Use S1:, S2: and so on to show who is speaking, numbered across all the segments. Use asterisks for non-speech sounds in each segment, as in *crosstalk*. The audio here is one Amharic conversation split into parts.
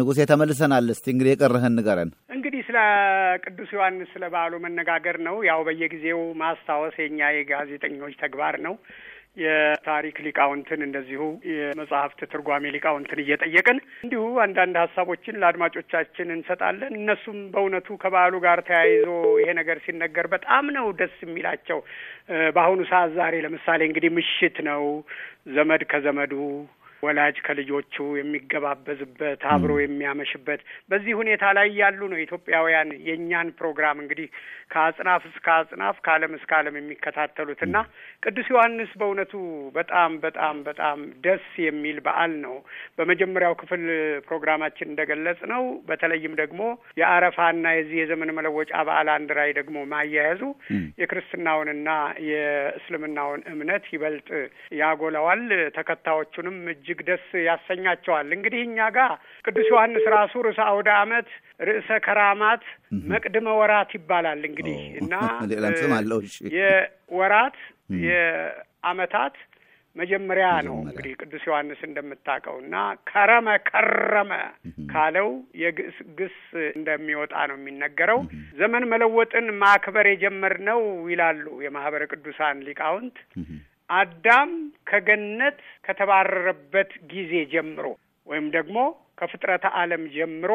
S1: ንጉሴ ተመልሰናል። እስቲ እንግዲህ የቀረህን ንገረን።
S2: እንግዲህ ስለ ቅዱስ ዮሐንስ ስለ በዓሉ መነጋገር ነው። ያው በየጊዜው ማስታወስ የኛ የጋዜጠኞች ተግባር ነው። የታሪክ ሊቃውንትን እንደዚሁ የመጽሐፍት ትርጓሜ ሊቃውንትን እየጠየቅን እንዲሁ አንዳንድ ሀሳቦችን ለአድማጮቻችን እንሰጣለን። እነሱም በእውነቱ ከበዓሉ ጋር ተያይዞ ይሄ ነገር ሲነገር በጣም ነው ደስ የሚላቸው። በአሁኑ ሰዓት ዛሬ ለምሳሌ እንግዲህ ምሽት ነው። ዘመድ ከዘመዱ ወላጅ ከልጆቹ የሚገባበዝበት አብሮ የሚያመሽበት በዚህ ሁኔታ ላይ ያሉ ነው ኢትዮጵያውያን የእኛን ፕሮግራም እንግዲህ ከአጽናፍ እስከ አጽናፍ ከዓለም እስከ ዓለም የሚከታተሉት እና ቅዱስ ዮሐንስ በእውነቱ በጣም በጣም በጣም ደስ የሚል በዓል ነው። በመጀመሪያው ክፍል ፕሮግራማችን እንደገለጽ ነው በተለይም ደግሞ የአረፋና የዚህ የዘመን መለወጫ በዓል አንድ ላይ ደግሞ ማያያዙ የክርስትናውንና የእስልምናውን እምነት ይበልጥ ያጎላዋል ተከታዮቹንም እጅ እጅግ ደስ ያሰኛቸዋል። እንግዲህ እኛ ጋር ቅዱስ ዮሐንስ ራሱ ርዕሰ አውደ ዓመት ርዕሰ ከራማት መቅድመ ወራት ይባላል። እንግዲህ እና *laughs* የወራት የአመታት መጀመሪያ ነው እንግዲህ ቅዱስ ዮሐንስ እንደምታውቀው እና ከረመ ከረመ ካለው የግስ ግስ እንደሚወጣ ነው የሚነገረው። ዘመን መለወጥን ማክበር የጀመርነው ይላሉ የማህበረ ቅዱሳን ሊቃውንት አዳም ከገነት ከተባረረበት ጊዜ ጀምሮ ወይም ደግሞ ከፍጥረተ ዓለም ጀምሮ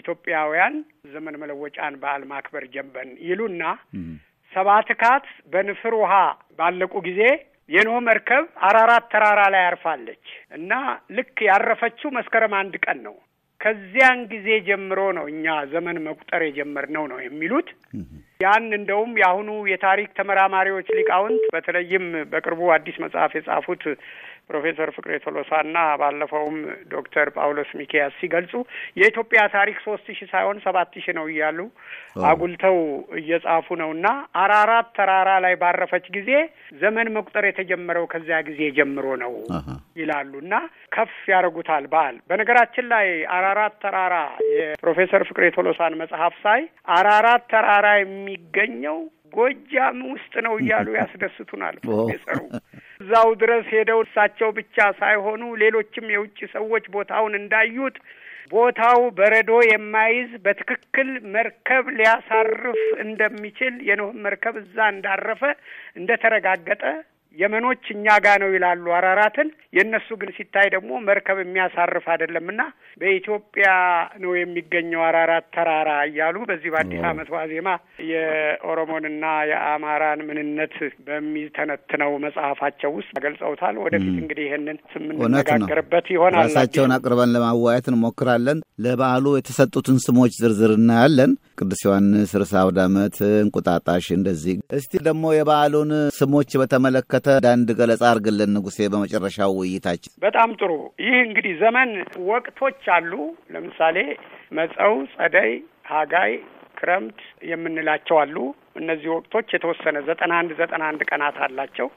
S2: ኢትዮጵያውያን ዘመን መለወጫን በዓል ማክበር ጀንበን ይሉና ሰባትካት በንፍር ውሃ ባለቁ ጊዜ የኖህ መርከብ አራራት ተራራ ላይ ያርፋለች እና ልክ ያረፈችው መስከረም አንድ ቀን ነው። ከዚያን ጊዜ ጀምሮ ነው እኛ ዘመን መቁጠር የጀመርነው ነው የሚሉት ያን እንደውም የአሁኑ የታሪክ ተመራማሪዎች ሊቃውንት በተለይም በቅርቡ አዲስ መጽሐፍ የጻፉት ፕሮፌሰር ፍቅሬ ቶሎሳና ባለፈውም ዶክተር ጳውሎስ ሚኪያስ ሲገልጹ የኢትዮጵያ ታሪክ ሶስት ሺህ ሳይሆን ሰባት ሺህ ነው እያሉ አጉልተው እየጻፉ ነው እና አራራት ተራራ ላይ ባረፈች ጊዜ ዘመን መቁጠር የተጀመረው ከዚያ ጊዜ ጀምሮ ነው ይላሉ እና ከፍ ያደርጉታል በዓል። በነገራችን ላይ አራራት ተራራ የፕሮፌሰር ፍቅሬ ቶሎሳን መጽሐፍ ሳይ አራራት ተራራ የሚገኘው ጎጃም ውስጥ ነው እያሉ ያስደስቱናል *laughs* ፕሮፌሰሩ። እዛው ድረስ ሄደው እሳቸው ብቻ ሳይሆኑ ሌሎችም የውጭ ሰዎች ቦታውን እንዳዩት ቦታው በረዶ የማይዝ በትክክል መርከብ ሊያሳርፍ እንደሚችል የኖህ መርከብ እዛ እንዳረፈ እንደተረጋገጠ የመኖች እኛ ጋ ነው ይላሉ አራራትን። የእነሱ ግን ሲታይ ደግሞ መርከብ የሚያሳርፍ አይደለምና በኢትዮጵያ ነው የሚገኘው አራራት ተራራ እያሉ በዚህ በአዲስ ዓመት ዋዜማ የኦሮሞንና የአማራን ምንነት በሚተነትነው መጽሐፋቸው ውስጥ ገልጸውታል። ወደፊት እንግዲህ ይህንን ስምንነጋገርበት ይሆናል። ራሳቸውን
S1: አቅርበን ለማዋየት እንሞክራለን። ለበዓሉ የተሰጡትን ስሞች ዝርዝር እናያለን። ቅዱስ ዮሐንስ፣ ርዕሰ አውዳመት፣ እንቁጣጣሽ እንደዚህ። እስቲ ደግሞ የበዓሉን ስሞች በተመለከተ አንድ ገለጻ አድርግልን ንጉሴ፣ በመጨረሻው ውይይታችን።
S2: በጣም ጥሩ። ይህ እንግዲህ ዘመን ወቅቶች አሉ። ለምሳሌ መጸው፣ ጸደይ፣ ሀጋይ ክረምት የምንላቸው አሉ። እነዚህ ወቅቶች የተወሰነ ዘጠና አንድ ዘጠና አንድ ቀናት አላቸው።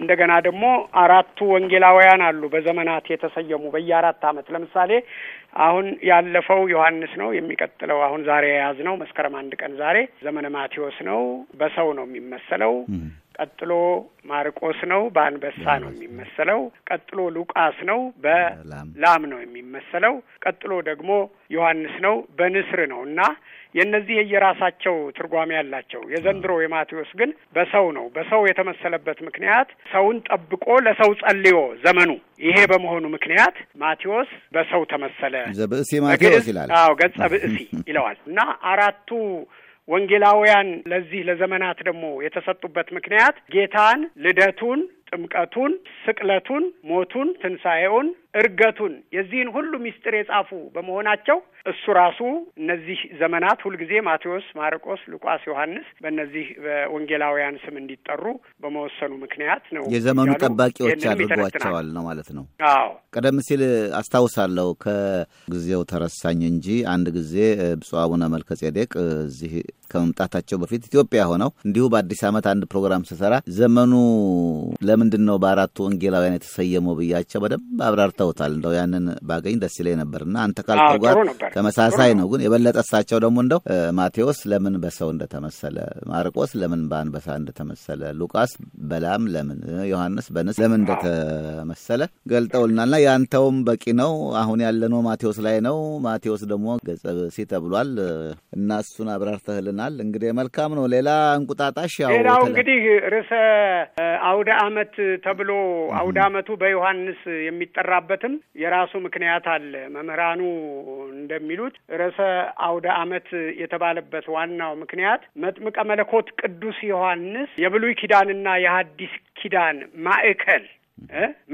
S2: እንደገና ደግሞ አራቱ ወንጌላውያን አሉ በዘመናት የተሰየሙ በየአራት አመት ለምሳሌ አሁን ያለፈው ዮሐንስ ነው። የሚቀጥለው አሁን ዛሬ የያዝ ነው መስከረም አንድ ቀን ዛሬ ዘመነ ማቴዎስ ነው። በሰው ነው የሚመሰለው። ቀጥሎ ማርቆስ ነው፣ በአንበሳ ነው የሚመሰለው። ቀጥሎ ሉቃስ ነው፣ በላም ነው የሚመሰለው። ቀጥሎ ደግሞ ዮሐንስ ነው፣ በንስር ነው እና የእነዚህ የየራሳቸው ትርጓሜ ያላቸው። የዘንድሮ የማቴዎስ ግን በሰው ነው። በሰው የተመሰለበት ምክንያት ሰውን ጠብቆ ለሰው ጸልዮ ዘመኑ ይሄ በመሆኑ ምክንያት ማቴዎስ በሰው ተመሰለ።
S1: ዘብእሲ ማቴዎስ ይላል። አዎ
S2: ገጸ ብእሲ ይለዋል እና አራቱ ወንጌላውያን ለዚህ ለዘመናት ደግሞ የተሰጡበት ምክንያት ጌታን ልደቱን ጥምቀቱን፣ ስቅለቱን፣ ሞቱን፣ ትንሣኤውን፣ እርገቱን የዚህን ሁሉ ምስጢር የጻፉ በመሆናቸው እሱ ራሱ እነዚህ ዘመናት ሁልጊዜ ማቴዎስ፣ ማርቆስ፣ ሉቃስ፣ ዮሐንስ በእነዚህ በወንጌላውያን ስም እንዲጠሩ በመወሰኑ ምክንያት ነው የዘመኑ ጠባቂዎች አድርጓቸዋል
S1: ነው ማለት ነው። አዎ ቀደም ሲል አስታውሳለሁ ከጊዜው ተረሳኝ እንጂ አንድ ጊዜ ብፁዕ አቡነ መልከ ጼዴቅ እዚህ ከመምጣታቸው በፊት ኢትዮጵያ ሆነው እንዲሁ በአዲስ ዓመት አንድ ፕሮግራም ስሰራ ዘመኑ ለመ ለምንድን ነው በአራቱ ወንጌላውያን የተሰየመው ብያቸው በደንብ አብራርተውታል። እንደው ያንን ባገኝ ደስ ይለኝ ነበር አንተ ካልከው ጋር ተመሳሳይ ነው፣ ግን የበለጠ እሳቸው ደግሞ እንደው ማቴዎስ ለምን በሰው እንደተመሰለ፣ ማርቆስ ለምን በአንበሳ እንደተመሰለ፣ ሉቃስ በላም ለምን፣ ዮሐንስ በንስ ለምን እንደተመሰለ ገልጠውልናልና ያንተውም በቂ ነው። አሁን ያለነው ማቴዎስ ላይ ነው። ማቴዎስ ደግሞ ገጸ ብእሲ ተብሏል እና እሱን አብራርተህልናል። እንግዲህ መልካም ነው። ሌላ እንቁጣጣሽ ያው ሌላው
S2: እንግዲህ ርዕሰ አውደ አመት አመት ተብሎ አውደ አመቱ በዮሐንስ የሚጠራበትም የራሱ ምክንያት አለ። መምህራኑ እንደሚሉት ርዕሰ አውደ አመት የተባለበት ዋናው ምክንያት መጥምቀ መለኮት ቅዱስ ዮሐንስ የብሉይ ኪዳንና የሐዲስ ኪዳን ማዕከል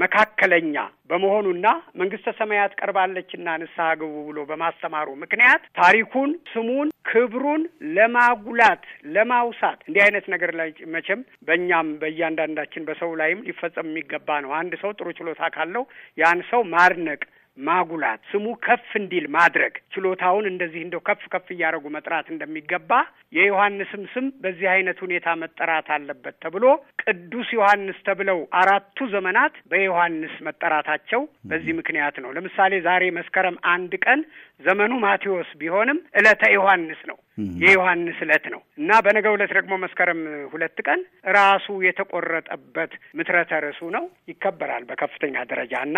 S2: መካከለኛ በመሆኑና መንግስተ ሰማያት ቀርባለችና ንስሐ ግቡ ብሎ በማስተማሩ ምክንያት ታሪኩን፣ ስሙን፣ ክብሩን ለማጉላት ለማውሳት እንዲህ አይነት ነገር ላይ መቼም በእኛም በእያንዳንዳችን በሰው ላይም ሊፈጸም የሚገባ ነው። አንድ ሰው ጥሩ ችሎታ ካለው ያን ሰው ማድነቅ ማጉላት፣ ስሙ ከፍ እንዲል ማድረግ፣ ችሎታውን እንደዚህ እንደው ከፍ ከፍ እያደረጉ መጥራት እንደሚገባ የዮሐንስም ስም በዚህ አይነት ሁኔታ መጠራት አለበት ተብሎ ቅዱስ ዮሐንስ ተብለው አራቱ ዘመናት በዮሐንስ መጠራታቸው በዚህ ምክንያት ነው። ለምሳሌ ዛሬ መስከረም አንድ ቀን ዘመኑ ማቴዎስ ቢሆንም ዕለተ ዮሐንስ ነው። የዮሐንስ ዕለት ነው እና በነገ ዕለት ደግሞ መስከረም ሁለት ቀን ራሱ የተቆረጠበት ምትረተ ርሱ ነው ይከበራል በከፍተኛ ደረጃ እና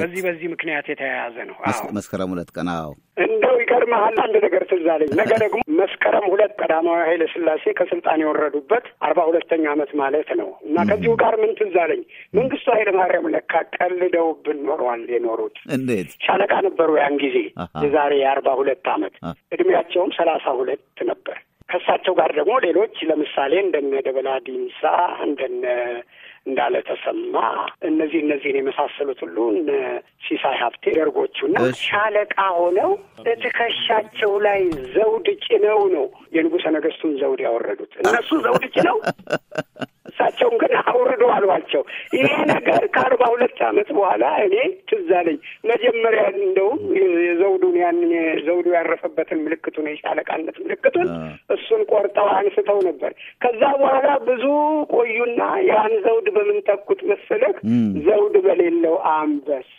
S2: በዚህ በዚህ ምክንያት የተያያዘ ነው
S1: መስከረም ሁለት ቀን። አዎ
S2: እንደው ይገርመሃል አንድ ነገር ትዝ አለኝ። ነገ ደግሞ መስከረም ሁለት ቀዳማዊ ኃይለ ሥላሴ ከስልጣን የወረዱበት አርባ ሁለተኛ ዓመት ማለት ነው እና ከዚሁ ጋር ምን ትዝ አለኝ መንግስቱ ኃይለ ማርያም ለካ ቀልደውብን ኖሯል። የኖሩት እንዴት ሻለቃ ነበሩ ያን ጊዜ የዛሬ የአርባ ሁለት ዓመት እድሜያቸውም ሰላሳ ሁለት ነበር። ከእሳቸው ጋር ደግሞ ሌሎች ለምሳሌ እንደነ ደበላ ዲንሳ እንደነ እንዳለ ተሰማ፣ እነዚህ እነዚህን የመሳሰሉት ሁሉን ሲሳይ ሀብቴ ደርጎቹና ሻለቃ ሆነው በትከሻቸው ላይ ዘውድ ጭነው ነው የንጉሠ ነገሥቱን ዘውድ ያወረዱት። እነሱ ዘውድ ጭነው *laughs* እሳቸውን ግን ጀምሮ አሏቸው። ይሄ ነገር ከአርባ ሁለት ዓመት በኋላ እኔ ትዝ አለኝ። መጀመሪያ እንደውም የዘውዱን ያንን ዘውዱ ያረፈበትን ምልክቱን የሻለቃነት ምልክቱን እሱን ቆርጠው አንስተው ነበር። ከዛ በኋላ ብዙ ቆዩና ያን ዘውድ በምንተኩት መሰለህ ዘውድ በሌለው አንበስ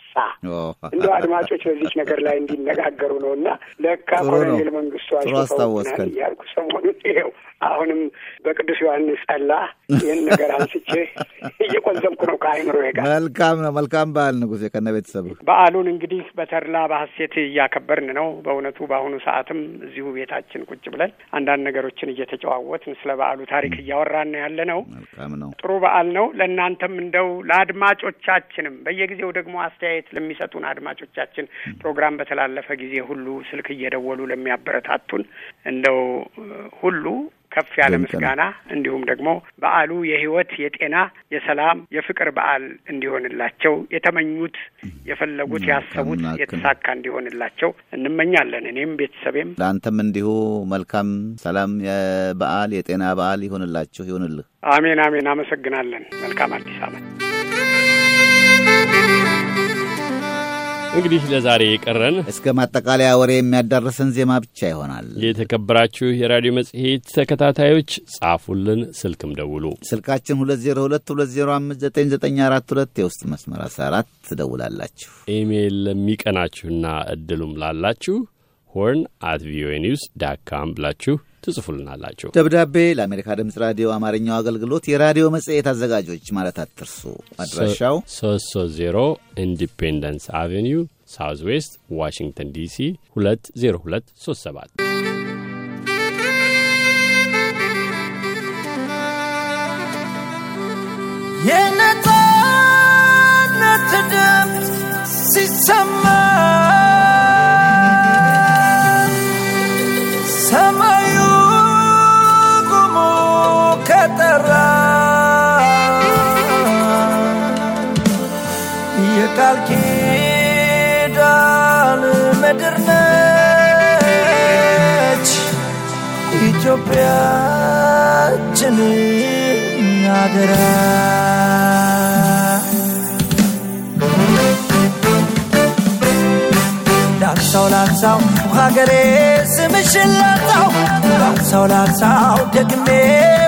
S3: እንደ አድማጮች
S2: በዚች ነገር ላይ እንዲነጋገሩ ነው። እና ለካ ኮሎኔል መንግስቱ አሽፈውናል እያልኩ ሰሞኑን ይኸው አሁንም በቅዱስ ዮሐንስ ጠላ ይህን ነገር አንስቼ *laughs* እየቆዘምኩ ነው ከአይምሮ ጋር።
S1: መልካም ነው። መልካም በዓል ንጉሴ ከነ ቤተሰብ።
S2: በዓሉን እንግዲህ በተድላ በሐሴት እያከበርን ነው። በእውነቱ በአሁኑ ሰዓትም እዚሁ ቤታችን ቁጭ ብለን አንዳንድ ነገሮችን እየተጨዋወትን ስለ በዓሉ ታሪክ እያወራን ያለ ነው። መልካም ነው። ጥሩ በዓል ነው። ለእናንተም እንደው ለአድማጮቻችንም በየጊዜው ደግሞ አስተያየት ለሚሰጡን አድማጮቻችን ፕሮግራም በተላለፈ ጊዜ ሁሉ ስልክ እየደወሉ ለሚያበረታቱን እንደው ሁሉ ከፍ ያለ ምስጋና እንዲሁም ደግሞ በዓሉ የህይወት የጤና፣ የሰላም፣ የፍቅር በዓል እንዲሆንላቸው የተመኙት፣ የፈለጉት፣ ያሰቡት የተሳካ እንዲሆንላቸው እንመኛለን። እኔም ቤተሰቤም
S1: ለአንተም እንዲሁ መልካም ሰላም በዓል የጤና በዓል ይሆንላችሁ ይሆንልህ።
S2: አሜን አሜን። አመሰግናለን።
S1: መልካም አዲስ ዓመት እንግዲህ ለዛሬ የቀረን እስከ ማጠቃለያ ወሬ የሚያዳርሰን ዜማ ብቻ ይሆናል። የተከበራችሁ የራዲዮ መጽሔት ተከታታዮች ጻፉልን፣ ስልክም ደውሉ። ስልካችን 2022059942 የውስጥ መስመር 14 ትደውላላችሁ።
S2: ኢሜይል ለሚቀናችሁና እድሉም ላላችሁ ሆርን አት ቪኦኤ ኒውስ ዳት ካም ብላችሁ ትጽፉልናላችሁ። ደብዳቤ
S1: ለአሜሪካ ድምፅ ራዲዮ አማርኛው አገልግሎት የራዲዮ መጽሔት አዘጋጆች ማለት አትርሱ። አድራሻው
S2: 330 ኢንዲፔንደንስ አቬኒው ሳውዝ ዌስት ዋሽንግተን ዲሲ 20237
S3: ነች ኢትዮጵያችን አደራ ላንሳው ላንሳው ሀገሬ ስምሽን ላንሳው ላንሳው ላንሳው ደግሜ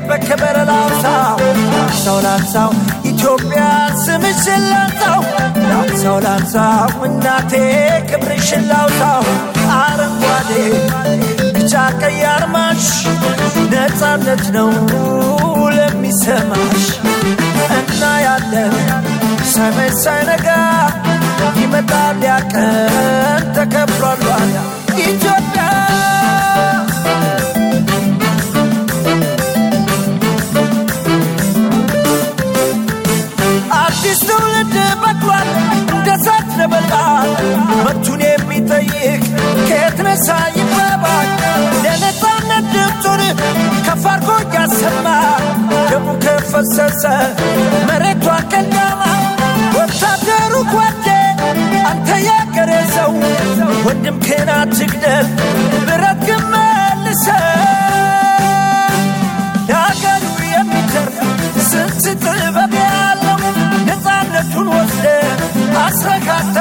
S3: በከበረ ላንሳው ላንሳው ላንሳው ኢትዮጵያ ስምሽን ላንሳው ሰው ላንሳው እናቴ ክብርሽን ላውሳው አረንጓዴ ቢጫ ቀይ አርማሽ ነፃነት ነው ለሚሰማሽ እና ያለን ሰመች ሳይነጋ ይመጣል ያቀን ተከብሯል ኢትዮጵያ ረግጸ መሬቱ ከዳማ ወታደሩ ጓዴ አንተ ያገሬ ሰው ወንድም ከና ትግደል ብረት ግመልሰ መልሰ ለአገሩ የሚተርፍ ስንት ጥበብ ያለው ነፃነቱን ወስደ አስረካተ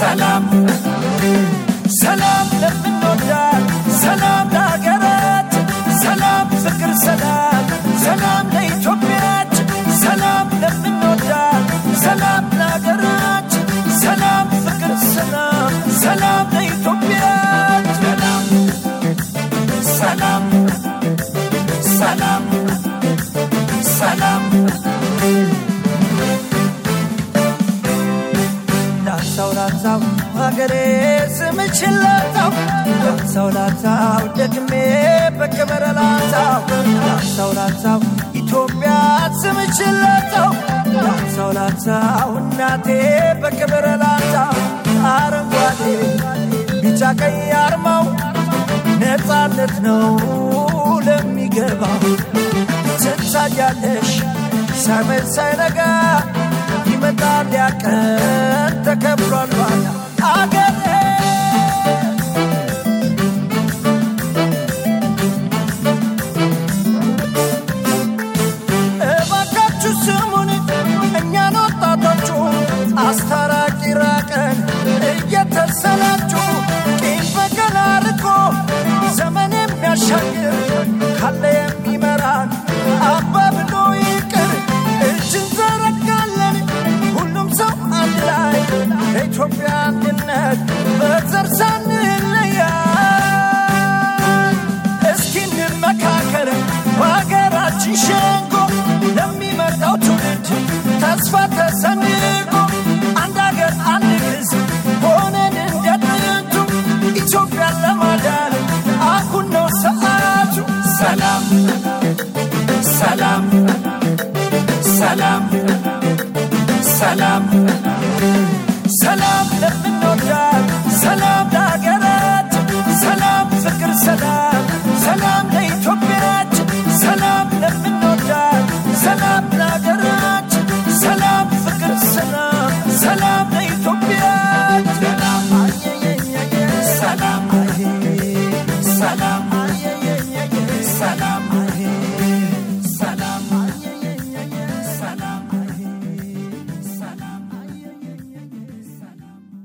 S3: ሰላም ሰላም ለምንወዳት ሰላም ለሀገራት ሰላም ፍቅር ሰላም ሰላም ለኢትዮጵያችን ሰላም ለምንወዳት ሰላም ለሀገራችን ሰላም ፍቅር ሰላም ሰላም ሀገሬ ስምችን ላጣው ላንሳው ላንሳው ደግሜ በክብር ላንሳው ላንሳው ላንሳው ኢትዮጵያ ስምችን ላጣው ላንሳው ላንሳው እናቴ በክብር ላንሳው አረንጓዴ ቢጫ ቀይ አርማው ነፃነት ነው ለሚገባው ትንሳያለሽ ሳይመን ሳይነጋ ይመጣል ያቀር ተከብሯል ባላ አገሬ እባካችሁ ስሙን እኛን ወጣቶቹ አስታራቂ ራቀን እየተሰላችሁ ቂም በቀል አርቆ ዘመን የሚያሻግር ሰላም ሰላም ሰላም ሰላም ሰላም ለምንወዳት ሰላም ለሀገራት ሰላም ፍቅር ሰላም